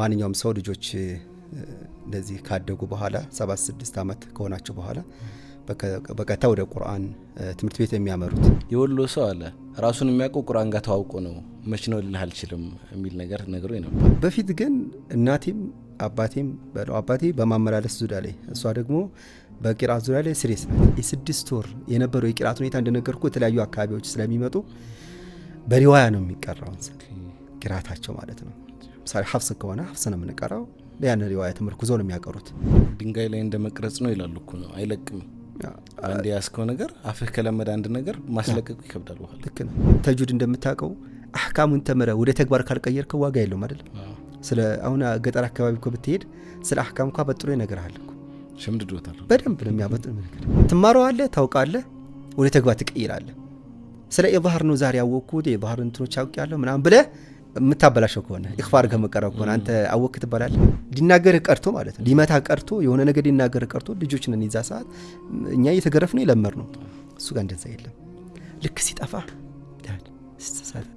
ማንኛውም ሰው ልጆች እንደዚህ ካደጉ በኋላ ሰባት ስድስት ዓመት ከሆናቸው በኋላ በቀጥታ ወደ ቁርአን ትምህርት ቤት የሚያመሩት የወሎ ሰው አለ ራሱን የሚያውቀው ቁርአን ጋር ተዋውቆ ነው። መች ነው ልልህ አልችልም የሚል ነገር ነገሩ ነበር። በፊት ግን እናቴም አባቴም በለው አባቴ በማመላለስ ዙሪያ ላይ እሷ ደግሞ በቂራት ዙሪያ ላይ ስሬስ የስድስት ወር የነበረው የቂራት ሁኔታ እንደነገርኩ የተለያዩ አካባቢዎች ስለሚመጡ በሪዋያ ነው የሚቀራውን ቂራታቸው ማለት ነው ምሳሌ ሀፍስ ከሆነ ሀፍስ ነው የምንቀራው። ያን ሪዋያ ተመርኩዞ ነው የሚያቀሩት። ድንጋይ ላይ እንደ መቅረጽ ነው ይላሉ እኮ ነው አይለቅም። አንድ ያስከው ነገር አፍህ ከለመደ አንድ ነገር ማስለቀቁ ይከብዳል። በኋላ ልክ ነው። ተጁድ እንደምታውቀው አህካሙን ተምረ ወደ ተግባር ካልቀየርከው ዋጋ የለውም አይደለም። ስለ አሁን ገጠር አካባቢ እኮ ብትሄድ ስለ አህካም እኳ በጥሩ ይነግርሃል እኮ ሸምድዶታል። በደንብ ነው የሚያበጥ ነገር ትማረዋለህ፣ ታውቃለህ፣ ወደ ተግባር ትቀይራለህ። ስለ የባህር ነው ዛሬ ያወቅኩት የባህር እንትኖች አውቅ ያለው ምናምን ብለህ የምታበላሸው ከሆነ ኢኽፋር ከመቀረብ ከሆነ አንተ አወክ ትባላል ሊናገር ቀርቶ ማለት ነው ሊመታ ቀርቶ የሆነ ነገር ሊናገር ቀርቶ ልጆች ነን ሰዓት እኛ እየተገረፍ ነው የለመር ነው። እሱ ጋር እንደዛ የለም። ልክ ሲጠፋ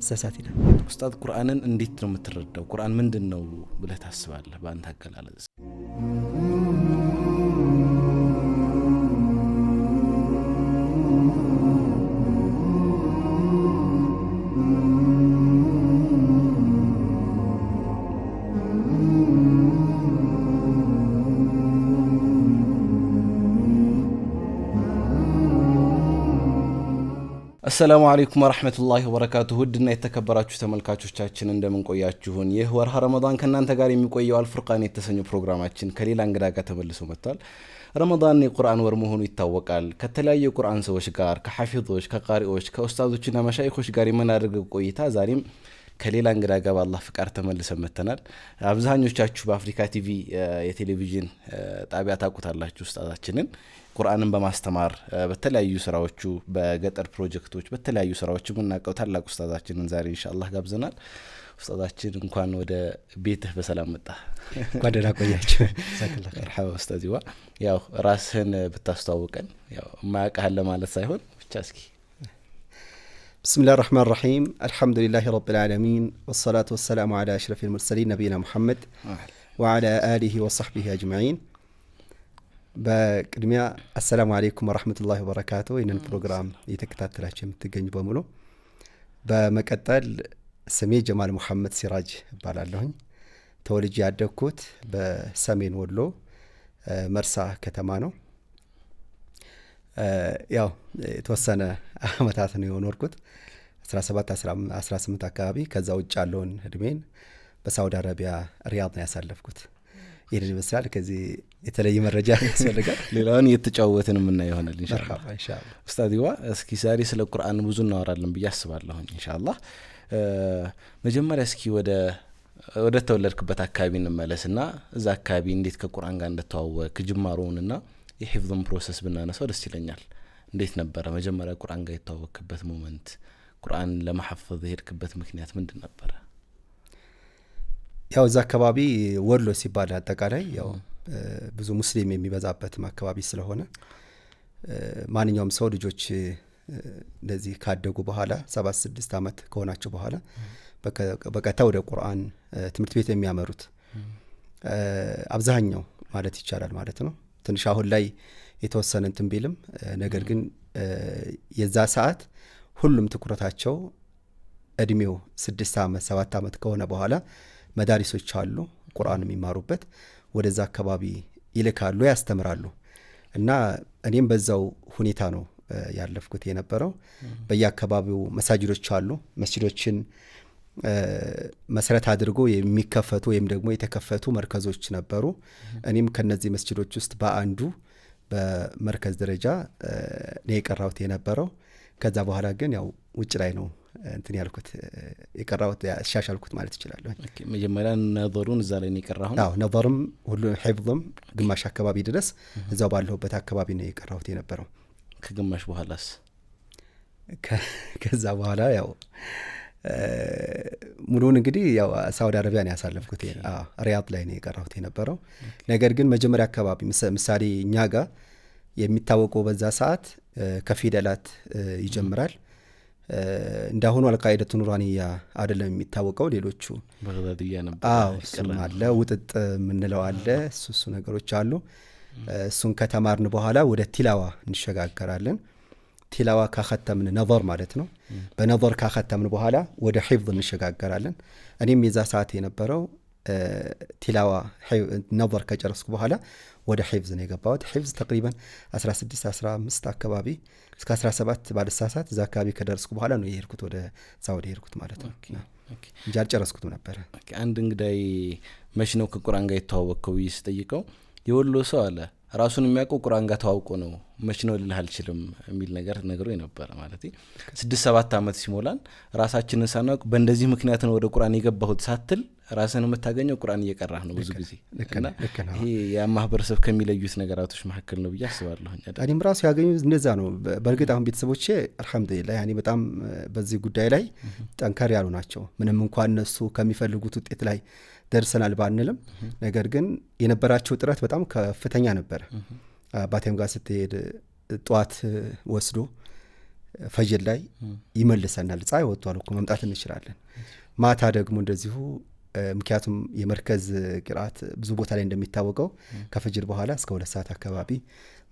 ሳሳት ይላል። ኡስታዝ ቁርአንን እንዴት ነው የምትረዳው? ቁርአን ምንድን ነው ብለህ ታስባለህ? በአንተ አገላለጽ አሰላሙ አለይኩም ወረሕመቱላሂ ወበረካቱ ውድና የተከበራችሁ ተመልካቾቻችን እንደምንቆያችሁን፣ ይህ ወርሃ ረመዳን ከእናንተ ጋር የሚቆየው አልፍርቃን የተሰኘው ፕሮግራማችን ከሌላ እንግዳ ጋር ተመልሶ መጥቷል። ረመዳን የቁርአን ወር መሆኑ ይታወቃል። ከተለያዩ የቁርአን ሰዎች ጋር ከሐፊዞች፣ ከቃሪዎች፣ ከኡስታዞችና መሻይኮች ጋር የምናደርገው ቆይታ ዛሬም ከሌላ እንግዳ ጋር በአላህ ፍቃድ ተመልሰን መተናል። አብዛኞቻችሁ በአፍሪካ ቲቪ የቴሌቪዥን ጣቢያ ታውቁታላችሁ ውስጣታችንን ቁርአንን በማስተማር በተለያዩ ስራዎቹ በገጠር ፕሮጀክቶች በተለያዩ ስራዎች የምናውቀው ታላቅ ውስጣታችንን ዛሬ ኢንሻአላህ ጋብዘናል። ውስጣታችን እንኳን ወደ ቤትህ በሰላም መጣ። እንኳን ደህና ቆያችሁ። መርሐባ ያው ራስህን ብታስተዋውቀን፣ ያው የማያውቅህን ለማለት ሳይሆን ብቻ እስኪ بسم الله الرحمن الرحيم الحمد لله رب العالمين والصلاة والسلام على أشرف المرسلين نبينا محمد وعلى آله وصحبه أجمعين بكرمية السلام عليكم ورحمة الله وبركاته إن البروجرام يتكتاتلاችሁ የምትገኙ በሙሉ በመቀጠል ስሜ ጀማል ሙሐመድ ሲራጅ እባላለሁኝ ተወልጄ ያደግኩት በሰሜን ወሎ ولو مرسى كتمانو ያው توسنا አመታት ነው የኖርኩት 17 አካባቢ። ከዛ ውጭ ያለውን እድሜን በሳውዲ አረቢያ ሪያድ ነው ያሳለፍኩት። ይህን ይመስላል። ከዚህ የተለየ መረጃ ያስፈልጋል። ሌላውን እየተጫወትን የምናየው ይሆናል ኢንሻላህ። ኡስታዲዋ እስኪ ዛሬ ስለ ቁርአን ብዙ እናወራለን ብዬ አስባለሁኝ ኢንሻላህ። መጀመሪያ እስኪ ወደ ወደ ተወለድክበት አካባቢ እንመለስ ና እዛ አካባቢ እንዴት ከቁርአን ጋር እንደተዋወቅ ጅማሮውንና የሂፍዙን ፕሮሰስ ብናነሳው ደስ ይለኛል። እንዴት ነበረ መጀመሪያ ቁርአን ጋር የተዋወክበት ሞመንት? ቁርአን ለማሐፈዝ የሄድክበት ምክንያት ምንድን ነበረ? ያው እዛ አካባቢ ወሎ ሲባል አጠቃላይ ያው ብዙ ሙስሊም የሚበዛበትም አካባቢ ስለሆነ ማንኛውም ሰው ልጆች እንደዚህ ካደጉ በኋላ ሰባት ስድስት ዓመት ከሆናቸው በኋላ በቀታ ወደ ቁርአን ትምህርት ቤት የሚያመሩት አብዛኛው ማለት ይቻላል ማለት ነው ትንሽ አሁን ላይ የተወሰነ እንትን ቢልም ነገር ግን የዛ ሰዓት ሁሉም ትኩረታቸው እድሜው ስድስት ዓመት ሰባት ዓመት ከሆነ በኋላ መዳሪሶች አሉ፣ ቁርአን የሚማሩበት ወደዛ አካባቢ ይልካሉ፣ ያስተምራሉ። እና እኔም በዛው ሁኔታ ነው ያለፍኩት የነበረው። በየአካባቢው መሳጅዶች አሉ። መስጅዶችን መሰረት አድርጎ የሚከፈቱ ወይም ደግሞ የተከፈቱ መርከዞች ነበሩ። እኔም ከነዚህ መስጅዶች ውስጥ በአንዱ በመርከዝ ደረጃ ነው የቀራሁት የነበረው። ከዛ በኋላ ግን ያው ውጭ ላይ ነው እንትን ያልኩት የቀራሁት ያሻሻልኩት ማለት ይችላለሁ። መጀመሪያ ነበሩን እዛ ላይ ነው የቀራሁት። አዎ ነዘርም ሁሉ ሒፍም ግማሽ አካባቢ ድረስ እዛው ባለሁበት አካባቢ ነው የቀራሁት የነበረው። ከግማሽ በኋላስ? ከዛ በኋላ ያው ሙሉውን እንግዲህ ያው ሳውዲ አረቢያ ነው ያሳለፍኩት። ሪያድ ላይ ነው የቀራሁት የነበረው። ነገር ግን መጀመሪያ አካባቢ ምሳሌ እኛ ጋር የሚታወቀው በዛ ሰዓት ከፊደላት ይጀምራል። እንዳሁኑ አልቃይደቱ ኑራንያ አይደለም የሚታወቀው። ሌሎቹ እሱም አለ ውጥጥ የምንለው አለ። እሱ እሱ ነገሮች አሉ። እሱን ከተማርን በኋላ ወደ ቲላዋ እንሸጋገራለን። ቲላዋ ካከተምን ነቨር ማለት ነው። በነቨር ካከተምን በኋላ ወደ ሒፍዝ እንሸጋገራለን። እኔም የዛ ሰዓት የነበረው ቲላዋ ነቨር ከጨረስኩ በኋላ ወደ ሒፍዝ ነው የገባሁት። ሒፍዝ ተቅሪበን 16 15 አካባቢ እስከ 17 ባልሳሳት እዛ አካባቢ ከደረስኩ በኋላ ነው የሄድኩት ወደ ሳውዲ የሄድኩት ማለት ነው እንጂ አልጨረስኩትም ነበረ። አንድ እንግዳይ መቼ ነው ከቁርአን ጋር የተዋወቅከው ስጠይቀው የወሎ ሰው አለ ራሱን የሚያውቀው ቁርአን ጋር ተዋውቆ ነው መች ነው ልልህ አልችልም የሚል ነገር ነግሮ ነበረ። ማለት ስድስት ሰባት ዓመት ሲሞላን ራሳችንን ሳናውቅ በእንደዚህ ምክንያት ነው ወደ ቁርአን የገባሁት ሳትል ራስን የምታገኘው ቁርአን እየቀራህ ነው ብዙ ጊዜ እና ይሄ ያ ማህበረሰብ ከሚለዩት ነገራቶች መካከል ነው ብዬ አስባለሁ። እኔም ራሱ ያገኙ እንደዛ ነው። በእርግጥ አሁን ቤተሰቦቼ አልሐምዱሊላህ ያኔ በጣም በዚህ ጉዳይ ላይ ጠንከር ያሉ ናቸው። ምንም እንኳን እነሱ ከሚፈልጉት ውጤት ላይ ደርሰናል ባንልም፣ ነገር ግን የነበራቸው ጥረት በጣም ከፍተኛ ነበረ። አባቴም ጋር ስትሄድ ጠዋት ወስዶ ፈጀል ላይ ይመልሰናል። ፀሐይ ወጥቷል እኮ መምጣት እንችላለን። ማታ ደግሞ እንደዚሁ ምክንያቱም የመርከዝ ቅርአት ብዙ ቦታ ላይ እንደሚታወቀው ከፈጅል በኋላ እስከ ሁለት ሰዓት አካባቢ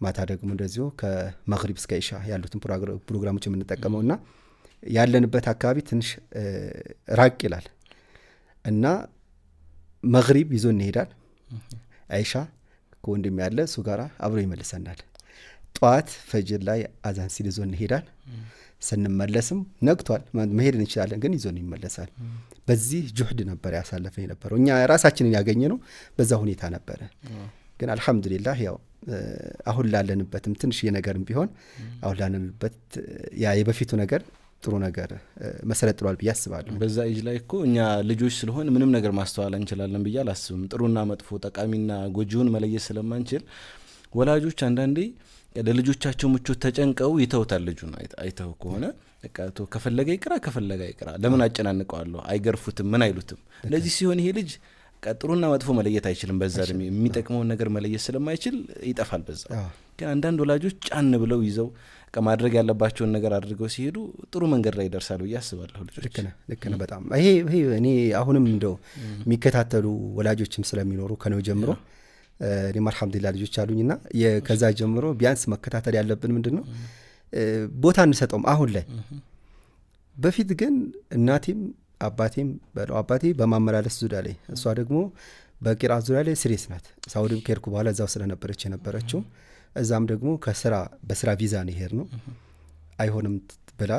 ማታ ደግሞ እንደዚሁ ከመግሪብ እስከ ኢሻ ያሉትን ፕሮግራሞች የምንጠቀመው እና ያለንበት አካባቢ ትንሽ ራቅ ይላል እና መግሪብ ይዞ እንሄዳል። ኢሻ ከወንድም ያለ እሱ ጋር አብሮ ይመልሰናል። ጠዋት ፈጅር ላይ አዛን ሲል ይዞን ይሄዳል። ስንመለስም ነግቷል፣ መሄድ እንችላለን፣ ግን ይዞን ይመለሳል። በዚህ ጁህድ ነበር ያሳለፈን የነበረው እኛ ራሳችንን ያገኘ ነው በዛ ሁኔታ ነበረ። ግን አልሐምዱሊላህ ያው አሁን ላለንበትም ትንሽዬ ነገርም ቢሆን አሁን ላለንበት ያ የበፊቱ ነገር ጥሩ ነገር መሰረት ጥሏል ብዬ አስባለሁ። በዛ ኤጅ ላይ እኮ እኛ ልጆች ስለሆን ምንም ነገር ማስተዋል እንችላለን ብዬ አላስብም። ጥሩና መጥፎ፣ ጠቃሚና ጎጂውን መለየት ስለማንችል ወላጆች አንዳንዴ ለልጆቻቸው ምቾት ተጨንቀው ይተውታል። ልጁን አይተው ከሆነ ከፈለገ ይቅራ፣ ከፈለገ ይቅራ፣ ለምን አጨናንቀዋለሁ? አይገርፉትም፣ ምን አይሉትም። ለዚህ ሲሆን ይሄ ልጅ ጥሩና መጥፎ መለየት አይችልም። በዛ እድሜ የሚጠቅመውን ነገር መለየት ስለማይችል ይጠፋል። በዛ ግን አንዳንድ ወላጆች ጫን ብለው ይዘው በቃ ማድረግ ያለባቸውን ነገር አድርገው ሲሄዱ ጥሩ መንገድ ላይ ይደርሳሉ ብዬ አስባለሁ። ልክ ነህ ልክ ነህ በጣም ይሄ ይሄ እኔ አሁንም እንደው የሚከታተሉ ወላጆችም ስለሚኖሩ ከነው ጀምሮ እኔም አልሐምዱላ ልጆች አሉኝ እና ከዛ ጀምሮ ቢያንስ መከታተል ያለብን ምንድን ነው ቦታ እንሰጠውም አሁን ላይ በፊት ግን እናቴም አባቴም በለው አባቴ በማመላለስ ዙሪያ ላይ እሷ ደግሞ በቂራ ዙሪያ ላይ ስሬስ ናት ሳውዲም ከሄድኩ በኋላ እዛው ስለነበረች የነበረችው እዛም ደግሞ ከስራ በስራ ቪዛ ነው ነው አይሆንም ብላ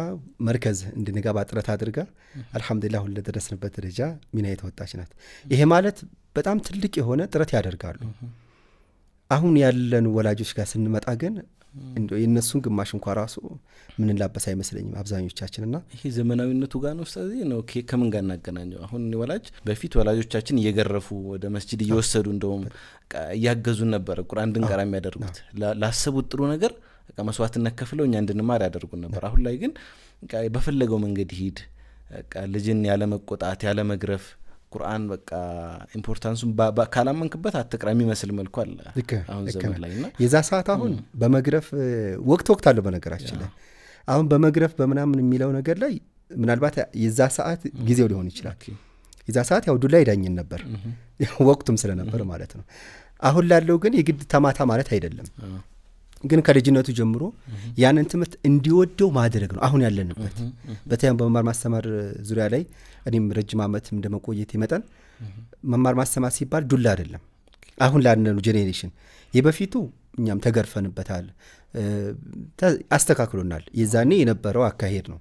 መርከዝ እንድንገባ ጥረት አድርጋ አልሐምዱላ ሁን ለደረስንበት ደረጃ ሚና የተወጣች ናት። ይሄ ማለት በጣም ትልቅ የሆነ ጥረት ያደርጋሉ። አሁን ያለን ወላጆች ጋር ስንመጣ ግን የእነሱን ግማሽ እንኳ ራሱ ምንላበስ አይመስለኝም አብዛኞቻችን ና ይሄ ዘመናዊነቱ ጋር ነው። ስለዚህ ነው ከምን ጋር እናገናኘው? አሁን ወላጅ በፊት ወላጆቻችን እየገረፉ ወደ መስጅድ እየወሰዱ እንደውም እያገዙን ነበረ። ቁርአን እንድንቀራ የሚያደርጉት ላሰቡት ጥሩ ነገር መስዋዕትነት ከፍለው እኛ እንድንማር ያደርጉን ነበር። አሁን ላይ ግን በፈለገው መንገድ ሂድ ልጅን ያለመቆጣት ያለመግረፍ ቁርአን በቃ ኢምፖርታንሱን ካላመንክበት አትቅራ የሚመስል መልኩ አለ አሁን ዘመን ላይ እና የዛ ሰዓት አሁን በመግረፍ ወቅት ወቅት አለው። በነገራችን ላይ አሁን በመግረፍ በምናምን የሚለው ነገር ላይ ምናልባት የዛ ሰዓት ጊዜው ሊሆን ይችላል። የዛ ሰዓት ያው ዱላ ይዳኝን ነበር ወቅቱም ስለነበር ማለት ነው። አሁን ላለው ግን የግድ ተማታ ማለት አይደለም፣ ግን ከልጅነቱ ጀምሮ ያንን ትምህርት እንዲወደው ማድረግ ነው። አሁን ያለንበት በተለይም በመማር ማስተማር ዙሪያ ላይ እኔም ረጅም ዓመት እንደመቆየት መጠን መማር ማስተማር ሲባል ዱላ አይደለም። አሁን ላንኑ ጄኔሬሽን የበፊቱ እኛም ተገርፈንበታል፣ አስተካክሎናል። የዛኔ የነበረው አካሄድ ነው።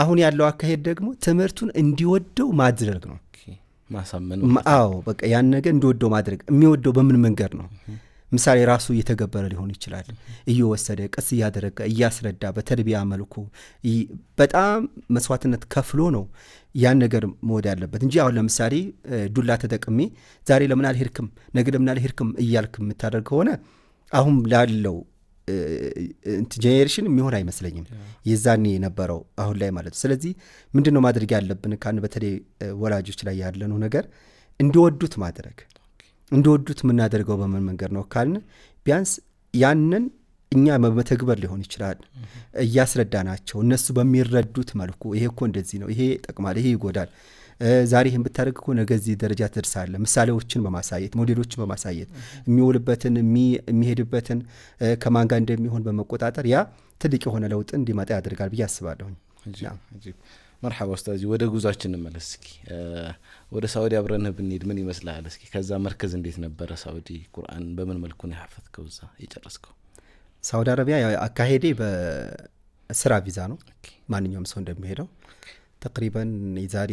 አሁን ያለው አካሄድ ደግሞ ትምህርቱን እንዲወደው ማድረግ ነው። ማሳመን አዎ፣ በቃ ያን ነገር እንዲወደው ማድረግ። የሚወደው በምን መንገድ ነው? ምሳሌ ራሱ እየተገበረ ሊሆን ይችላል። እየወሰደ ቀስ እያደረገ እያስረዳ በተርቢያ መልኩ በጣም መስዋዕትነት ከፍሎ ነው ያን ነገር መወድ ያለበት እንጂ አሁን ለምሳሌ ዱላ ተጠቅሜ ዛሬ ለምን አልሄድክም፣ ነገ ለምን አልሄድክም እያልክ የምታደርግ ከሆነ አሁን ላለው ጄኔሬሽን የሚሆን አይመስለኝም። የዛኔ የነበረው አሁን ላይ ማለት ስለዚህ ምንድን ነው ማድረግ ያለብን ከአንድ በተለይ ወላጆች ላይ ያለነው ነገር እንዲወዱት ማድረግ እንደወዱት የምናደርገው በምን መንገድ ነው ካልን ቢያንስ ያንን እኛ መተግበር ሊሆን ይችላል። እያስረዳ ናቸው እነሱ በሚረዱት መልኩ ይሄ እኮ እንደዚህ ነው፣ ይሄ ይጠቅማል፣ ይሄ ይጎዳል፣ ዛሬ ይህን ብታደርግ እኮ ነገ እዚህ ደረጃ ትደርሳለህ። ምሳሌዎችን በማሳየት ሞዴሎችን በማሳየት የሚውልበትን የሚሄድበትን ከማን ጋር እንደሚሆን በመቆጣጠር ያ ትልቅ የሆነ ለውጥ እንዲመጣ ያደርጋል ብዬ አስባለሁኝ። መርሓባ ኡስታዚ ወደ ጉዟችን እንመለስ እስኪ። ወደ ሳውዲ አብረንህ ብንሄድ ምን ይመስልሃል? እስኪ ከዛ መርከዝ እንዴት ነበረ ሳኡዲ? ቁርአን በምን መልኩ ነው ያፈትከው እዛ የጨረስከው? ሳኡዲ አረቢያ አካሄዴ በስራ ቪዛ ነው፣ ማንኛውም ሰው እንደሚሄደው ተቅሪበን የዛሬ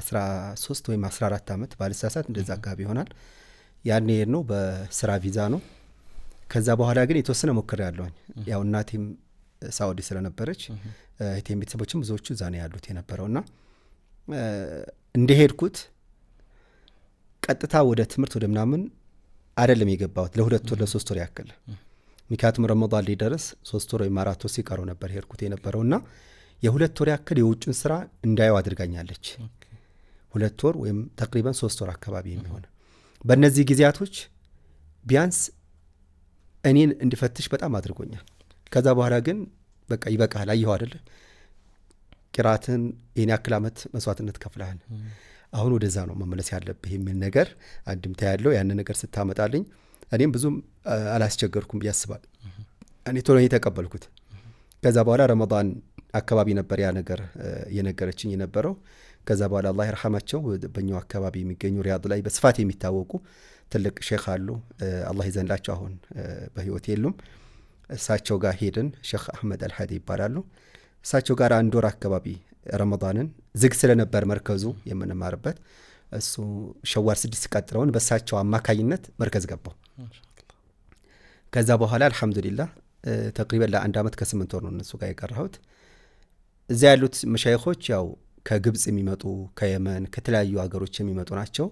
13 ወይም 14 ዓመት ባልሳሳት እንደዛ አካባቢ ይሆናል። ያን ሄድ ነው በስራ ቪዛ ነው። ከዛ በኋላ ግን የተወሰነ ሞክር ያለውኝ ያው እናቴም ሳውዲ ስለነበረች እህቴን ቤተሰቦችም ብዙዎቹ እዛ ነው ያሉት የነበረውና እንደሄድኩት ቀጥታ ወደ ትምህርት ወደ ምናምን አይደለም የገባሁት ለሁለት ወር ለሶስት ወር ያክል ምክንያቱም ረመዳን ሊደረስ ሶስት ወር ወይም አራት ወር ሲቀረው ነበር ሄድኩት የነበረውና የሁለት ወር ያክል የውጭን ስራ እንዳየው አድርጋኛለች። ሁለት ወር ወይም ተቅሪበን ሶስት ወር አካባቢ የሚሆን በእነዚህ ጊዜያቶች ቢያንስ እኔን እንድፈትሽ በጣም አድርጎኛል። ከዛ በኋላ ግን በቃ ይበቃል። አየኸው አደለ ቂራትን ይህን ያክል ዓመት መስዋዕትነት ከፍልሃል። አሁን ወደዛ ነው መመለስ ያለብህ የሚል ነገር አንድምታ ያለው ያን ነገር ስታመጣልኝ እኔም ብዙም አላስቸገርኩም ብዬ እኔ ቶሎ የተቀበልኩት ከዛ በኋላ ረመን አካባቢ ነበር ያ ነገር የነገረችኝ የነበረው። ከዛ በኋላ አላ ይርሐማቸው በኛው አካባቢ የሚገኙ ሪያድ ላይ በስፋት የሚታወቁ ትልቅ ሼክ አሉ። አላህ ይዘንላቸው። አሁን በህይወት የሉም። እሳቸው ጋር ሄድን። ሼክ አህመድ አልሀዲ ይባላሉ። እሳቸው ጋር አንድ ወር አካባቢ ረመዳንን ዝግ ስለነበር መርከዙ የምንማርበት እሱ ሸዋር ስድስት ቀጥለውን በእሳቸው አማካኝነት መርከዝ ገባው። ከዛ በኋላ አልሐምዱሊላ ተቅሪበን ለአንድ ዓመት ከስምንት ወር ነው እነሱ ጋር የቀረሁት። እዚያ ያሉት መሻይኮች ያው ከግብፅ የሚመጡ ከየመን ከተለያዩ ሀገሮች የሚመጡ ናቸው።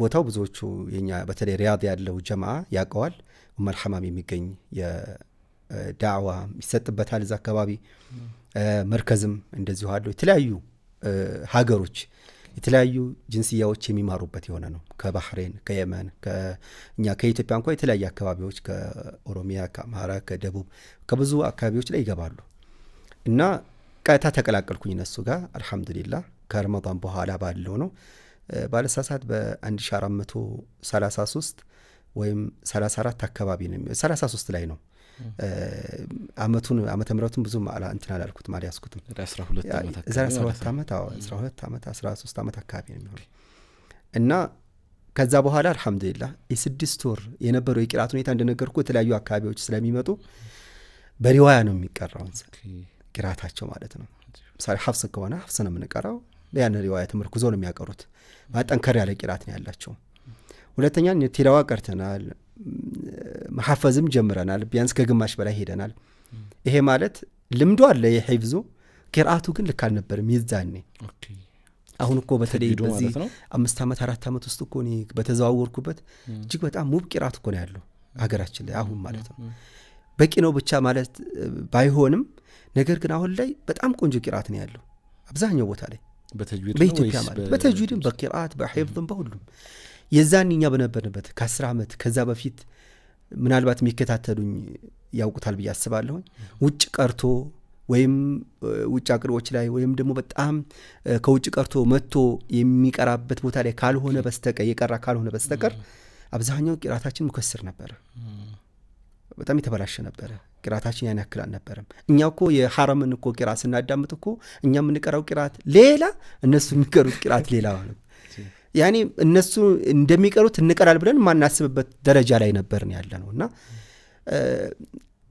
ቦታው ብዙዎቹ የኛ በተለይ ሪያድ ያለው ጀማዓ ያውቀዋል። ኡመል ሐማም የሚገኝ ዳዕዋ ይሰጥበታል። እዛ አካባቢ መርከዝም እንደዚሁ አለው። የተለያዩ ሀገሮች የተለያዩ ጅንስያዎች የሚማሩበት የሆነ ነው። ከባህሬን፣ ከየመን፣ እኛ ከኢትዮጵያ እንኳ የተለያዩ አካባቢዎች ከኦሮሚያ፣ ከአማራ፣ ከደቡብ ከብዙ አካባቢዎች ላይ ይገባሉ እና ቀጥታ ተቀላቀልኩኝ እነሱ ጋር አልሐምዱሊላ ከረመዳን በኋላ ባለው ነው ባለሳሳት በ1433 ወይም 34 አካባቢ ነው 33 ላይ ነው አመቱን አመተ ምረቱን ብዙ እንትን አላልኩት ማ ያስኩትም ዛሬ አስራ ሁለት ዓመት አስራ ሁለት ዓመት አስራ ሶስት ዓመት አካባቢ ነው የሚሆነው እና ከዛ በኋላ አልሐምዱሊላ የስድስት ወር የነበረው የቂራት ሁኔታ እንደነገርኩ የተለያዩ አካባቢዎች ስለሚመጡ በሪዋያ ነው የሚቀራውን ቂራታቸው ማለት ነው። ምሳሌ ሀፍስ ከሆነ ሀፍስ ነው የምንቀራው። ያን ሪዋያ ተመርኩዞ ነው የሚያቀሩት። ማጠንከር ያለ ቂራት ነው ያላቸው። ሁለተኛ ቴላዋ ቀርተናል። መሐፈዝም ጀምረናል። ቢያንስ ከግማሽ በላይ ሄደናል። ይሄ ማለት ልምዶ አለ የሒፍዙ ቂርአቱ ግን ልክ አልነበርም ይዛኔ። አሁን እኮ በተለይ በዚህ አምስት ዓመት አራት ዓመት ውስጥ እኮ እኔ በተዘዋወርኩበት እጅግ በጣም ውብ ቂርአት እኮ ነው ያለው ሀገራችን ላይ አሁን ማለት ነው። በቂ ነው ብቻ ማለት ባይሆንም ነገር ግን አሁን ላይ በጣም ቆንጆ ቂራት ነው ያለው አብዛኛው ቦታ ላይ በኢትዮጵያ ማለት በተጅዊድም በቂርአት በሒፍም በሁሉም የዛን እኛ በነበርንበት ከአስር ዓመት ከዛ በፊት ምናልባት የሚከታተሉኝ ያውቁታል ብዬ አስባለሁኝ። ውጭ ቀርቶ ወይም ውጭ አቅርቦች ላይ ወይም ደግሞ በጣም ከውጭ ቀርቶ መጥቶ የሚቀራበት ቦታ ላይ ካልሆነ በስተቀር የቀራ ካልሆነ በስተቀር አብዛኛው ቂራታችን ሙከስር ነበረ። በጣም የተበላሸ ነበረ ቂራታችን። ያን ያክል አልነበረም። እኛ እኮ የሐረምን እኮ ቂራ ስናዳምጥ እኮ እኛ የምንቀራው ቂራት ሌላ፣ እነሱ የሚቀሩት ቂራት ሌላ ነው። ያኔ እነሱ እንደሚቀሩት እንቀራል ብለን ማናስብበት ደረጃ ላይ ነበርን ያለ ነው እና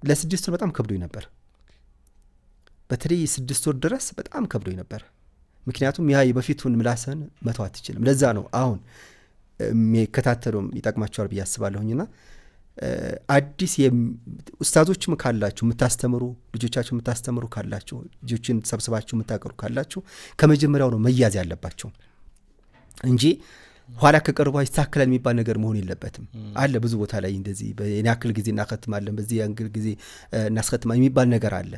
ለስድስት ወር በጣም ከብዶኝ ነበር። በተለይ ስድስት ወር ድረስ በጣም ከብዶኝ ነበር። ምክንያቱም ያ የበፊቱን ምላሰን መተው አትችልም። ለዛ ነው አሁን የሚከታተሉም ይጠቅማቸዋል ብዬ አስባለሁኝና አዲስ ኡስታዞችም ካላችሁ የምታስተምሩ ልጆቻችሁ የምታስተምሩ ካላችሁ ልጆችን ሰብስባችሁ የምታቀሩ ካላችሁ ከመጀመሪያው ነው መያዝ ያለባቸው። እንጂ ኋላ ከቀርቧ ይስተካከላል የሚባል ነገር መሆን የለበትም። አለ ብዙ ቦታ ላይ እንደዚህ በኔ ያክል ጊዜ እናከትማለን፣ በዚህ ያክል ጊዜ እናስከትማ የሚባል ነገር አለ።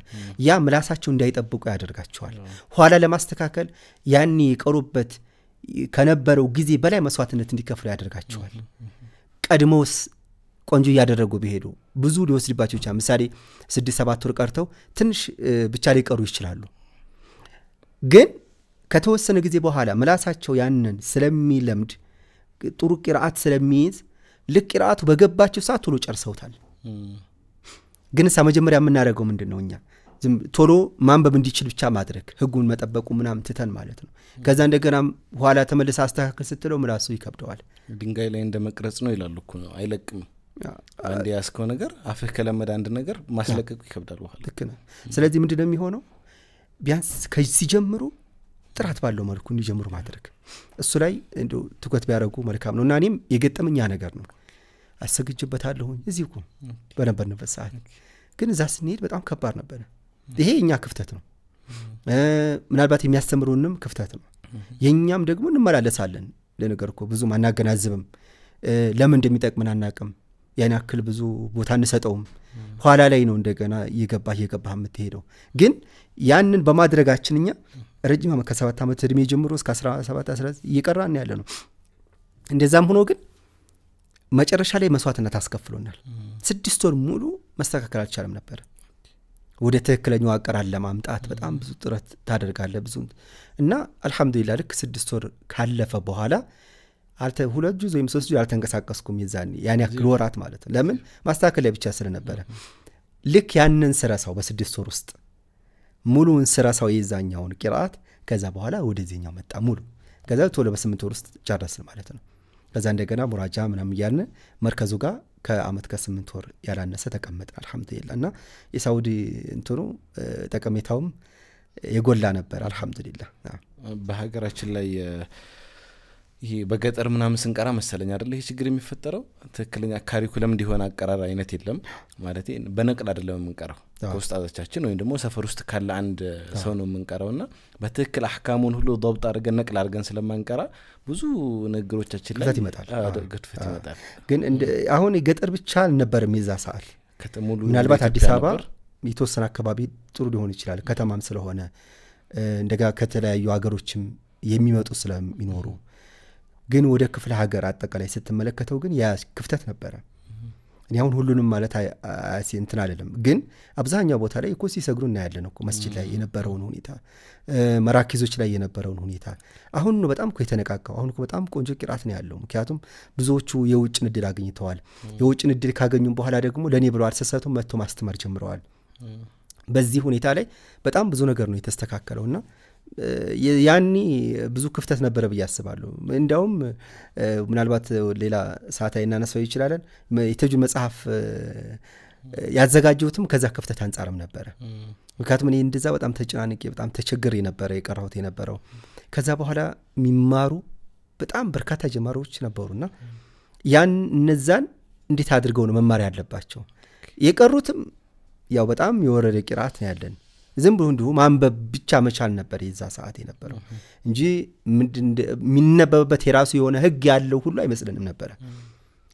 ያ ምላሳቸው እንዳይጠብቁ ያደርጋቸዋል። ኋላ ለማስተካከል ያኔ የቀሩበት ከነበረው ጊዜ በላይ መስዋዕትነት እንዲከፍሉ ያደርጋቸዋል። ቀድሞስ ቆንጆ እያደረጉ ቢሄዱ ብዙ ሊወስድባቸው ይችላል። ምሳሌ ስድስት ሰባት ወር ቀርተው ትንሽ ብቻ ሊቀሩ ይችላሉ ግን ከተወሰነ ጊዜ በኋላ ምላሳቸው ያንን ስለሚለምድ ጥሩ ቂርአት ስለሚይዝ ልክ ቂርአቱ በገባቸው ሰዓት ቶሎ ጨርሰውታል። ግን እሳ መጀመሪያ የምናደርገው ምንድን ነው? እኛ ቶሎ ማንበብ እንዲችል ብቻ ማድረግ ህጉን መጠበቁ ምናምን ትተን ማለት ነው። ከዛ እንደገና በኋላ ተመልሰ አስተካከል ስትለው ምላሱ ይከብደዋል። ድንጋይ ላይ እንደ መቅረጽ ነው ይላሉ እኮ አይለቅም። አንድ ያስከው ነገር አፍህ ከለመደ አንድ ነገር ማስለቀቁ ይከብዳል በኋላ። ልክ ስለዚህ ምንድን ነው የሚሆነው ቢያንስ ሲጀምሩ ጥራት ባለው መልኩ እንዲጀምሩ ማድረግ እሱ ላይ እንዲ ትኩረት ቢያደርጉ መልካም ነው እና እኔም የገጠመኛ ነገር ነው። አሰግጅበታለሁኝ እዚህ እኮ በነበርንበት ሰዓት ግን እዛ ስንሄድ በጣም ከባድ ነበረ። ይሄ የእኛ ክፍተት ነው፣ ምናልባት የሚያስተምሩንም ክፍተት ነው። የእኛም ደግሞ እንመላለሳለን። ለነገር እኮ ብዙም አናገናዝብም፣ ለምን እንደሚጠቅምን አናቅም። ያን ያክል ብዙ ቦታ እንሰጠውም። ኋላ ላይ ነው እንደገና እየገባህ እየገባህ የምትሄደው። ግን ያንን በማድረጋችን እኛ ረጅም ዓመት ከሰባት ዓመት እድሜ ጀምሮ እስከ 17 19 እየቀራን ያለ ነው። እንደዛም ሆኖ ግን መጨረሻ ላይ መስዋዕትነት አስከፍሎናል። ስድስት ወር ሙሉ መስተካከል አልቻለም ነበር። ወደ ትክክለኛው አቀራር ለማምጣት በጣም ብዙ ጥረት ታደርጋለ ብዙ እና አልሐምዱሊላ ልክ ስድስት ወር ካለፈ በኋላ ሁለት ጁዝ ወይም ሶስት ጁዝ አልተንቀሳቀስኩም። የዛኔ ያን ያክል ወራት ማለት ነው። ለምን ማስተካከል ላይ ብቻ ስለነበረ ልክ ያንን ስረሳው በስድስት ወር ውስጥ ሙሉውን ስራ ሰው የዛኛውን ቂርአት ከዛ በኋላ ወደዚህኛው መጣ ሙሉ ከዛ ቶሎ በስምንት ወር ውስጥ ጨረስን ማለት ነው። ከዛ እንደገና ሙራጃ ምናም እያልን መርከዙ ጋር ከአመት ከስምንት ወር ያላነሰ ተቀመጥን። አልሐምዱሊላ እና የሳውዲ እንትኑ ጠቀሜታውም የጎላ ነበር። አልሐምዱሊላ በሀገራችን ላይ ይሄ በገጠር ምናምን ስንቀራ መሰለኝ አደለ ይሄ ችግር የሚፈጠረው። ትክክለኛ ካሪኩለም እንዲሆን አቀራር አይነት የለም ማለት በነቅል አደለም የምንቀራው ከውስጣቶቻችን ወይም ደግሞ ሰፈር ውስጥ ካለ አንድ ሰው ነው የምንቀራው እና በትክክል አህካሙን ሁሉ ዶብጥ አድርገን ነቅል አድርገን ስለማንቀራ ብዙ ንግግሮቻችን ላይ ግድፈት ይመጣል። ግን አሁን የገጠር ብቻ አልነበርም የዛ ከተሙሉ ምናልባት አዲስ አበባ የተወሰነ አካባቢ ጥሩ ሊሆን ይችላል ከተማም ስለሆነ እንደጋ ከተለያዩ ሀገሮችም የሚመጡ ስለሚኖሩ ግን ወደ ክፍለ ሀገር አጠቃላይ ስትመለከተው ግን ያ ክፍተት ነበረ። እኔ አሁን ሁሉንም ማለት እንትን አይደለም ግን አብዛኛው ቦታ ላይ እኮ ሲሰግዱ እናያለን እኮ መስጅድ ላይ የነበረውን ሁኔታ፣ መራኪዞች ላይ የነበረውን ሁኔታ። አሁን በጣም እኮ የተነቃቃው አሁን በጣም ቆንጆ ቂራት ነው ያለው። ምክንያቱም ብዙዎቹ የውጭን እድል አግኝተዋል። የውጭን እድል ካገኙም በኋላ ደግሞ ለእኔ ብለው አልሰሰቱም፣ መጥቶ ማስተማር ጀምረዋል። በዚህ ሁኔታ ላይ በጣም ብዙ ነገር ነው የተስተካከለውና ያኔ ብዙ ክፍተት ነበረ ብዬ አስባለሁ። እንዲያውም ምናልባት ሌላ ሰዓት ላይ እናነሳው ይችላለን። የተጁ መጽሐፍ ያዘጋጀሁትም ከዛ ክፍተት አንጻርም ነበረ። ምክንያቱም እኔ እንደዛ በጣም ተጨናንቄ በጣም ተቸግሬ ነበረ የቀራሁት የነበረው። ከዛ በኋላ የሚማሩ በጣም በርካታ ጀማሪዎች ነበሩና ያን እነዛን እንዴት አድርገው ነው መማር ያለባቸው? የቀሩትም ያው በጣም የወረደ ቂርአት ነው ያለን ዝም ብሎ እንዲሁ ማንበብ ብቻ መቻል ነበር የዛ ሰዓት የነበረው እንጂ የሚነበብበት የራሱ የሆነ ህግ ያለው ሁሉ አይመስለንም ነበረ።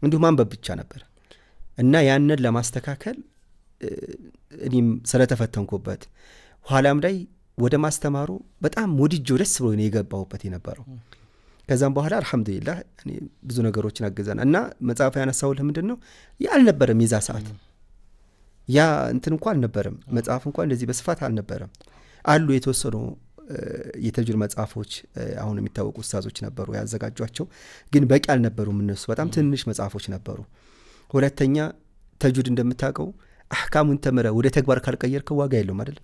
እንዲሁ ማንበብ ብቻ ነበር እና ያንን ለማስተካከል እኔም ስለተፈተንኩበት ኋላም ላይ ወደ ማስተማሩ በጣም ወድጆ ደስ ብሎ ነው የገባሁበት የነበረው። ከዛም በኋላ አልሐምዱሊላህ ብዙ ነገሮችን አገዛና እና መጽሐፍ ያነሳውልህ ምንድን ነው ያልነበረም የዛ ሰዓት ያ እንትን እንኳ አልነበረም። መጽሐፍ እንኳ እንደዚህ በስፋት አልነበረም። አሉ የተወሰኑ የተጅር መጽሐፎች አሁን የሚታወቁ ውሳዞች ነበሩ ያዘጋጇቸው፣ ግን በቂ አልነበሩም። እነሱ በጣም ትንሽ መጽሐፎች ነበሩ። ሁለተኛ ተጁድ እንደምታውቀው አህካሙን ተምረ ወደ ተግባር ካልቀየርከው ዋጋ የለውም አይደል?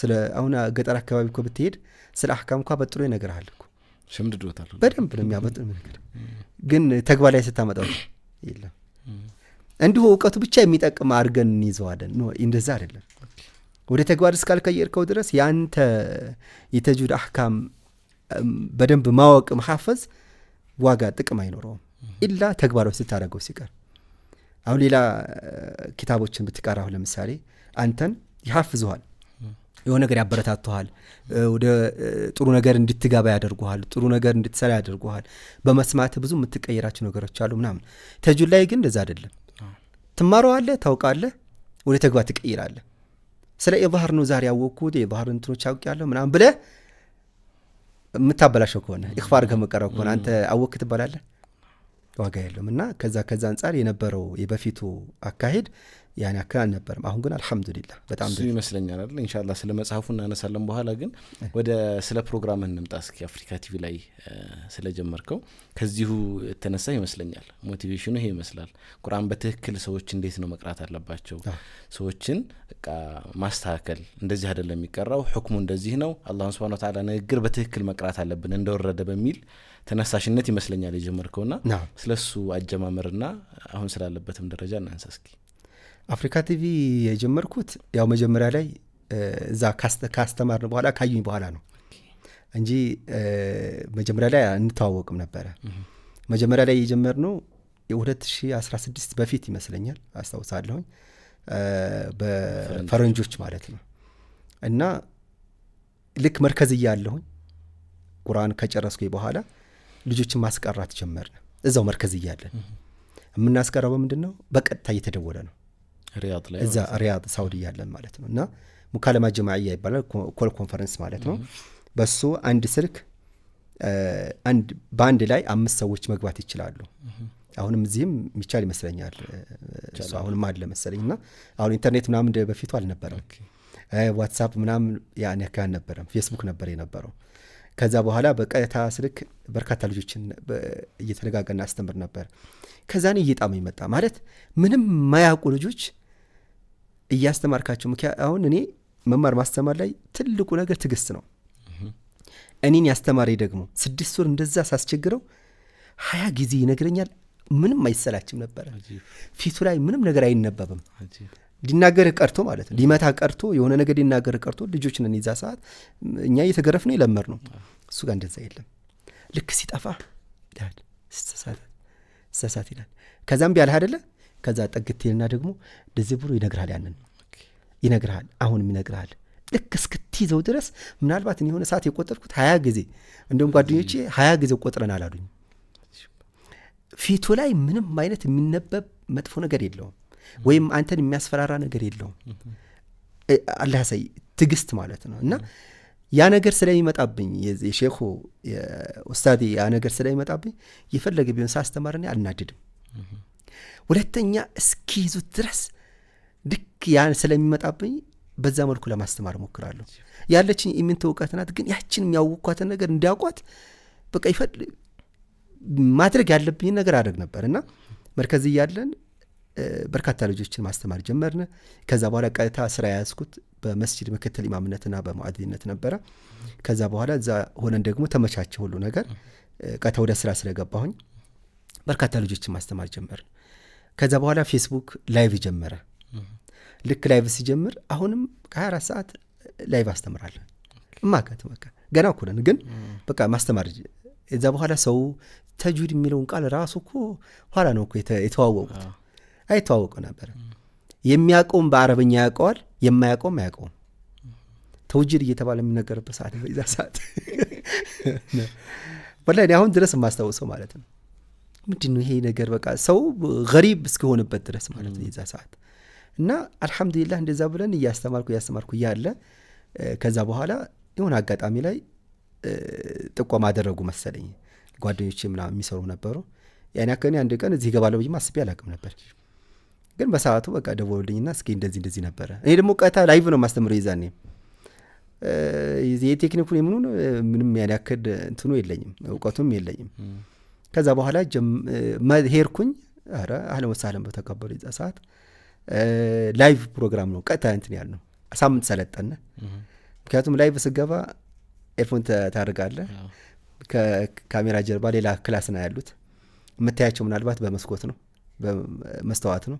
ስለ አሁን ገጠር አካባቢ እኮ ብትሄድ ስለ አህካም እኳ በጥሮ ይነግርሃል እኮ በደንብ ነው የሚያበጥ ነገር፣ ግን ተግባር ላይ ስታመጣው የለም እንዲሁ እውቀቱ ብቻ የሚጠቅም አድርገን እንይዘዋለን። እንደዛ አይደለም። ወደ ተግባር እስካልቀየርከው ድረስ ያንተ የተጁድ አህካም በደንብ ማወቅ መሐፈዝ ዋጋ ጥቅም አይኖረውም፣ ኢላ ተግባር ስታደረገው ሲቀር። አሁን ሌላ ኪታቦችን ብትቀራ ለምሳሌ አንተን ይሐፍዝሃል፣ የሆነ ነገር ያበረታተሃል፣ ወደ ጥሩ ነገር እንድትገባ ያደርጉሃል፣ ጥሩ ነገር እንድትሰራ ያደርጉሃል። በመስማት ብዙ የምትቀየራቸው ነገሮች አሉ ምናምን። ተጁድ ላይ ግን እንደዛ አይደለም። ትማረዋለህ፣ ታውቃለህ፣ ወደ ተግባር ትቀይራለህ። ስለ የባህር ነው ዛሬ ያወቅኩት የባህር እንትኖች አውቄያለሁ ምናምን ብለህ የምታበላሸው ከሆነ ይክፋር ከመቀረብ ከሆነ አንተ አወክ ትባላለህ። ዋጋ የለውም እና ከዛ ከዛ አንጻር የነበረው የበፊቱ አካሄድ ያን ያክል አልነበርም። አሁን ግን አልሐምዱሊላ በጣም ብዙ ይመስለኛል አይደል? እንሻላ ስለ መጽሐፉ እናነሳለን በኋላ። ግን ወደ ስለ ፕሮግራም እንምጣ እስኪ። አፍሪካ ቲቪ ላይ ስለጀመርከው ከዚሁ የተነሳ ይመስለኛል ሞቲቬሽኑ ይሄ ይመስላል። ቁርአን በትክክል ሰዎች እንዴት ነው መቅራት አለባቸው፣ ሰዎችን በቃ ማስተካከል፣ እንደዚህ አይደለም የሚቀራው፣ ሕክሙ እንደዚህ ነው፣ አላህ ሱብሃነሁ ወተዓላ ንግግር በትክክል መቅራት አለብን እንደወረደ በሚል ተነሳሽነት ይመስለኛል የጀመርከውና ስለሱ አጀማመርና አሁን ስላለበትም ደረጃ እናንሳ እስኪ። አፍሪካ ቲቪ የጀመርኩት ያው መጀመሪያ ላይ እዛ ካስተማርን በኋላ ካዩኝ በኋላ ነው እንጂ መጀመሪያ ላይ እንተዋወቅም ነበረ። መጀመሪያ ላይ የጀመርነው የ2016 በፊት ይመስለኛል አስታውሳለሁኝ፣ በፈረንጆች ማለት ነው። እና ልክ መርከዝ እያለሁኝ ቁርአን ከጨረስኩ በኋላ ልጆችን ማስቀራት ጀመርን። እዛው መርከዝ እያለን የምናስቀራው በምንድን ነው? በቀጥታ እየተደወለ ነው እዛ ሪያድ ሳውዲ ያለን ማለት ነው። እና ሙካለማ ጀማዕያ ይባላል፣ ኮል ኮንፈረንስ ማለት ነው። በሱ አንድ ስልክ በአንድ ላይ አምስት ሰዎች መግባት ይችላሉ። አሁንም እዚህም የሚቻል ይመስለኛል። አሁንም አለ መሰለኝ እና አሁን ኢንተርኔት ምናምን እንደ በፊቱ አልነበረም። ዋትሳፕ ምናምን ያን ያክል አልነበረም። ፌስቡክ ነበር የነበረው። ከዛ በኋላ በቀጥታ ስልክ በርካታ ልጆችን እየተነጋገርና አስተምር ነበር። ከዛኔ እየጣመኝ መጣ ማለት ምንም ማያውቁ ልጆች እያስተማርካቸው ምክንያ አሁን እኔ መማር ማስተማር ላይ ትልቁ ነገር ትግስት ነው። እኔን ያስተማሪ ደግሞ ስድስት ወር እንደዛ ሳስቸግረው ሀያ ጊዜ ይነግረኛል። ምንም አይሰላችም ነበረ። ፊቱ ላይ ምንም ነገር አይነበብም። ሊናገር ቀርቶ ማለት ነው ሊመታ ቀርቶ የሆነ ነገር ሊናገር ቀርቶ ልጆች ነን የዛ ሰዓት እኛ እየተገረፍ ነው የለመር ነው እሱ ጋር እንደዛ የለም። ልክ ሲጠፋ ይላል፣ ስተሳት ይላል። ከዛም ቢያልህ አደለ ከዛ ጠግትልና ደግሞ እንደዚህ ብሎ ይነግርሃል፣ ያንን ይነግርሃል፣ አሁንም ይነግርሃል። ልክ እስክትይዘው ድረስ ምናልባት እኔ የሆነ ሰዓት የቆጠርኩት ሀያ ጊዜ እንደውም ጓደኞቼ ሀያ ጊዜ ቆጥረናል አሉኝ። ፊቱ ላይ ምንም አይነት የሚነበብ መጥፎ ነገር የለውም፣ ወይም አንተን የሚያስፈራራ ነገር የለውም። አላህ ያሳይ ትዕግስት ማለት ነው። እና ያ ነገር ስለሚመጣብኝ የሼኹ ኡስታዴ ያ ነገር ስለሚመጣብኝ የፈለገ ቢሆን ሳስተማርን አልናድድም። ሁለተኛ እስኪይዙት ድረስ ልክ ያን ስለሚመጣብኝ በዛ መልኩ ለማስተማር እሞክራለሁ። ያለችን ኢምንት እውቀት ናት፣ ግን ያችን የሚያውኳትን ነገር እንዲያውቋት በቃ ይፈል ማድረግ ያለብኝን ነገር አድርግ ነበር እና መርከዝ እያለን በርካታ ልጆችን ማስተማር ጀመርን። ከዛ በኋላ ቀጥታ ስራ የያዝኩት በመስጅድ ምክትል ኢማምነትና በማዕድነት ነበረ። ከዛ በኋላ እዛ ሆነን ደግሞ ተመቻቸ ሁሉ ነገር። ቀጥታ ወደ ስራ ስለገባሁኝ በርካታ ልጆችን ማስተማር ጀመርን። ከዛ በኋላ ፌስቡክ ላይቭ ጀመረ። ልክ ላይቭ ሲጀምር አሁንም ከ24 ሰዓት ላይቭ አስተምራለሁ። እማከት በቃ ገና እኮ ነን፣ ግን በቃ ማስተማር እዛ በኋላ ሰው ተጁድ የሚለውን ቃል ራሱ እኮ ኋላ ነው እኮ የተዋወቁት። አይተዋወቁ ነበር። የሚያውቀውም በአረበኛ ያውቀዋል፣ የማያውቀውም አያውቀውም። ተውጅድ እየተባለ የሚነገርበት ሰዓት በዛ ሰዓት ወላሂ እኔ አሁን ድረስ የማስታውሰው ማለት ነው። ምንድን ነው ይሄ ነገር በቃ ሰው ገሪብ እስከሆነበት ድረስ ማለት ነው የዛ ሰዓት እና አልሐምዱሊላህ እንደዛ ብለን እያስተማርኩ እያስተማርኩ እያለ ከዛ በኋላ የሆነ አጋጣሚ ላይ ጥቆማ አደረጉ መሰለኝ ጓደኞች ምና የሚሰሩ ነበሩ። ያን ያክል አንድ ቀን እዚህ እገባለሁ ብዬ አስቤ አላቅም ነበር፣ ግን በሰዓቱ በቃ ደወሉልኝና እስኪ እንደዚህ እንደዚህ ነበረ። እኔ ደግሞ ቀታ ላይቭ ነው የማስተምረው የዛኔ የቴክኒኩን የምኑን ምንም ያን ያክል እንትኑ የለኝም እውቀቱም የለኝም። ከዛ በኋላ ሄድኩኝ። ኧረ አህለን ወሳህለን በተቀበሉ ዛ ሰዓት ላይቭ ፕሮግራም ነው። ቀጥታ እንትን ያል ነው ሳምንት ሰለጠነ። ምክንያቱም ላይቭ ስገባ ኤርፎን ታደርጋለህ። ከካሜራ ጀርባ ሌላ ክላስ ና ያሉት። የምታያቸው ምናልባት በመስኮት ነው በመስተዋት ነው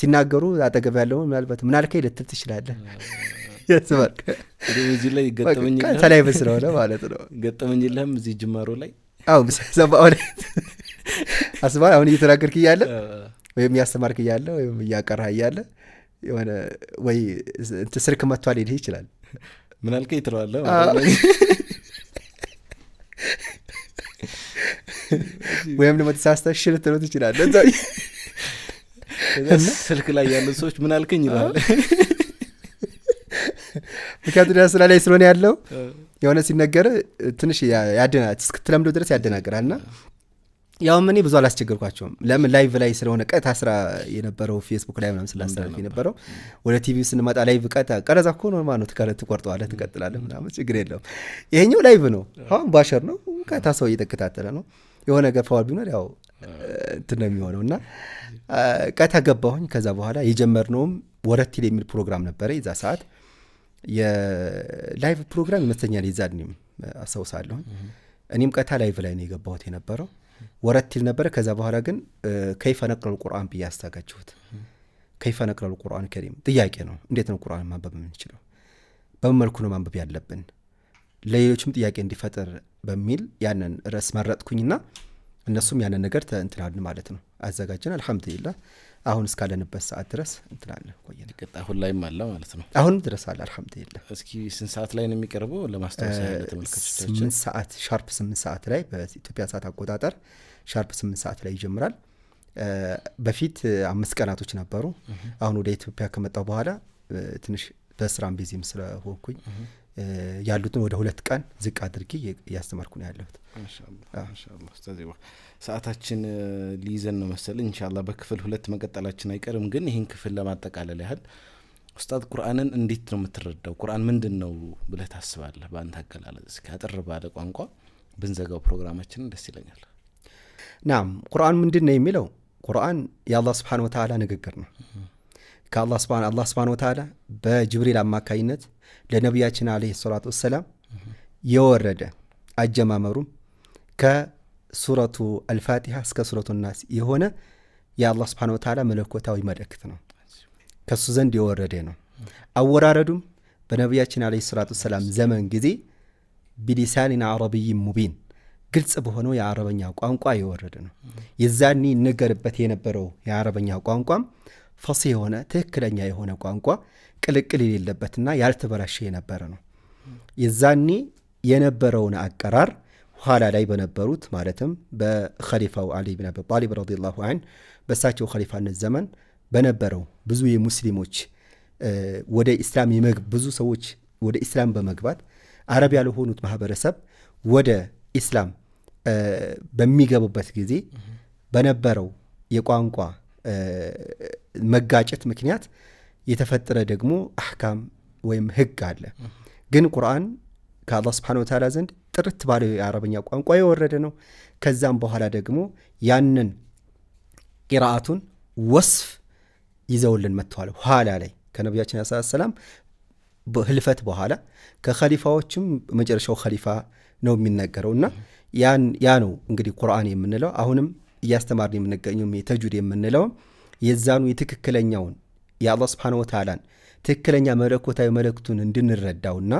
ሲናገሩ፣ አጠገብ ያለውን ምናልባት ምናልከኝ ልትል ትችላለህ። ያስባል ተላይ ስለሆነ ማለት ነው ገጠመኝ የለህም እዚህ ጅማሮ ላይ አዎ ሰባ ማለት አሁን እየተናገርክ እያለ ወይም እያስተማርክ እያለ ወይም እያቀራህ እያለ የሆነ ወይ ስልክ መጥቷል ሄድህ ይችላል ምን አልከኝ ትለዋለህ ወይም ደግሞ ተሳስተህ እሺ ልትለው ትችላለህ። ስልክ ላይ ያሉ ሰዎች ምን አልከኝ ይላል ከትዳር ስራ ላይ ስለሆነ ያለው የሆነ ሲነገር ትንሽ እስክትለምደው ድረስ ያደናግራል ና ያውም እኔ ብዙ አላስቸገርኳቸውም። ለምን ላይቭ ላይ ስለሆነ ቀጥታ ስራ የነበረው ፌስቡክ ላይ ምናምን ስላስተላልፍ የነበረው ወደ ቲቪ ስንመጣ ላይቭ ቀጥታ ቀረጻ እኮ ኖርማል ነው። ትቆርጠዋለ ትቀጥላለ ምናምን ችግር የለውም። ይሄኛው ላይቭ ነው፣ አሁን ባሸር ነው። ቀጥታ ሰው እየተከታተለ ነው። የሆነ ነገር ፋውል ቢኖር ያው እንትን ነው የሚሆነው እና ቀጥታ ገባሁኝ። ከዛ በኋላ የጀመርነውም ወረት የሚል ፕሮግራም ነበረ የዛ ሰዓት የላይቭ ፕሮግራም ይመስለኛል የዛኔም አስታውሳለሁኝ። እኔም ቀታ ላይቭ ላይ ነው የገባሁት የነበረው ወረት ይል ነበረ። ከዛ በኋላ ግን ከይፈ ነቅረል ቁርአን ብዬ አስታጋችሁት። ከይፈ ነቅረል ቁርአን ከሪም ጥያቄ ነው። እንዴት ነው ቁርአን ማንበብ የምንችለው? በምን መልኩ ነው ማንበብ ያለብን? ለሌሎችም ጥያቄ እንዲፈጥር በሚል ያንን ርዕስ መረጥኩኝና እነሱም ያንን ነገር እንትናል ማለት ነው አዘጋጀን። አልሐምዱሊላ አሁን እስካለንበት ሰዓት ድረስ እንትናለን ቆየን። አሁን ላይም አለ ማለት ነው። አሁንም ድረስ አለ አልሐምዱሊላ። እስኪ ስንት ሰዓት ላይ ነው የሚቀርበው? ለማስታወስ ስምንት ሰዓት ሻርፕ ስምንት ሰዓት ላይ በኢትዮጵያ ሰዓት አቆጣጠር ሻርፕ ስምንት ሰዓት ላይ ይጀምራል። በፊት አምስት ቀናቶች ነበሩ። አሁን ወደ ኢትዮጵያ ከመጣው በኋላ ትንሽ በስራም ቢዚም ስለሆንኩኝ ያሉትን ወደ ሁለት ቀን ዝቅ አድርጌ እያስተማርኩ ነው ያለሁት። ሰዓታችን ሊይዘን ነው መሰል። እንሻላ በክፍል ሁለት መቀጠላችን አይቀርም። ግን ይህን ክፍል ለማጠቃለል ያህል ኡስታዝ ቁርአንን እንዴት ነው የምትረዳው? ቁርአን ምንድን ነው ብለህ ታስባለህ? በአንተ አገላለጽ እስኪ አጥር ባለ ቋንቋ ብንዘጋው ፕሮግራማችንን ደስ ይለኛል። ናም ቁርአን ምንድን ነው የሚለው ቁርአን የአላህ ስብሓን ወተዓላ ንግግር ነው ከአላህ አላህ ስብሐነ ወተዓላ በጅብሪል አማካኝነት ለነቢያችን አለይሂ ሰላቱ ወሰላም የወረደ አጀማመሩም ከሱረቱ አልፋቲሃ እስከ ሱረቱ ናስ የሆነ የአላህ ስብሐነ ወተዓላ መለኮታዊ መልእክት ነው። ከሱ ዘንድ የወረደ ነው። አወራረዱም በነቢያችን አለይሂ ሰላቱ ወሰላም ዘመን ጊዜ ቢሊሳኒን አረብይ ሙቢን ግልጽ በሆነው የአረበኛ ቋንቋ የወረደ ነው። የዛኒ ነገርበት የነበረው የአረበኛ ቋንቋም ፈሲ የሆነ ትክክለኛ የሆነ ቋንቋ ቅልቅል የሌለበትና ያልተበላሸ የነበረ ነው። የዛኔ የነበረውን አቀራር ኋላ ላይ በነበሩት ማለትም በኸሊፋው አሊ ብን አቢ ጣሊብ ረዲየላሁ ዐንሁ በእሳቸው ኸሊፋነት ዘመን በነበረው ብዙ የሙስሊሞች ወደ ኢስላም ብዙ ሰዎች ወደ ኢስላም በመግባት አረብ ያልሆኑት ማህበረሰብ ወደ ኢስላም በሚገቡበት ጊዜ በነበረው የቋንቋ መጋጨት ምክንያት የተፈጠረ ደግሞ አህካም ወይም ህግ አለ። ግን ቁርአን ከአላህ ስብሐነሁ ወተዓላ ዘንድ ጥርት ባለ የአረበኛ ቋንቋ የወረደ ነው። ከዛም በኋላ ደግሞ ያንን ቂራአቱን ወስፍ ይዘውልን መጥተዋል። ኋላ ላይ ከነቢያችን ስ ሰላም ህልፈት በኋላ ከኸሊፋዎችም መጨረሻው ኸሊፋ ነው የሚነገረው እና ያ ነው እንግዲህ ቁርአን የምንለው አሁንም እያስተማርን የምንገኘው የተጁድ የምንለው የዛኑ የትክክለኛውን የአላህ ስብሓነ ወተዓላን ትክክለኛ መለኮታዊ መልእክቱን እንድንረዳውና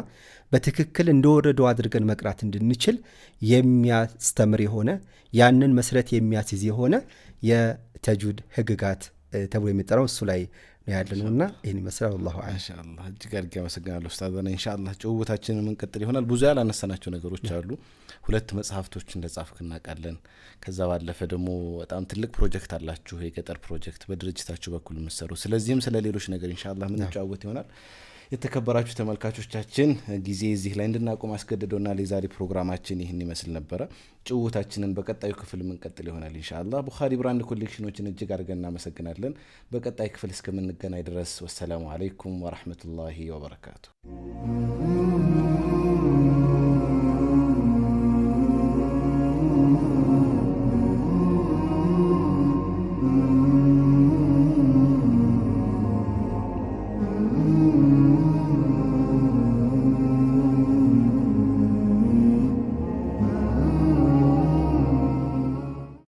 በትክክል እንደወረደው አድርገን መቅራት እንድንችል የሚያስተምር የሆነ ያንን መሰረት የሚያስይዝ የሆነ የተጁድ ህግጋት ተብሎ የሚጠራው እሱ ላይ ነው ያለነው እና ይህን ይመስላል። አላሁ ማሻአላ እጅግ አድርጌ አመሰግናለሁ ኡስታዝና ኢንሻአላህ ጭውውታችንን የምንቀጥል ይሆናል። ብዙ ያላነሳናቸው ነገሮች አሉ። ሁለት መጽሐፍቶች እንደ ጻፍክ እናውቃለን። ከዛ ባለፈ ደግሞ በጣም ትልቅ ፕሮጀክት አላችሁ፣ የገጠር ፕሮጀክት በድርጅታችሁ በኩል የምትሰሩ ስለዚህም ስለ ሌሎች ነገር ኢንሻአላህ ምንጫወት ይሆናል። የተከበራችሁ ተመልካቾቻችን ጊዜ እዚህ ላይ እንድናቆም አስገድዶናል። የዛሬ ፕሮግራማችን ይህን ይመስል ነበረ። ጭውታችንን በቀጣዩ ክፍል የምንቀጥል ይሆናል እንሻላ ቡኻሪ ብራንድ ኮሌክሽኖችን እጅግ አድርገን እናመሰግናለን። በቀጣይ ክፍል እስከምንገናኝ ድረስ ወሰላሙ አለይኩም ወረህመቱላሂ ወበረካቱ።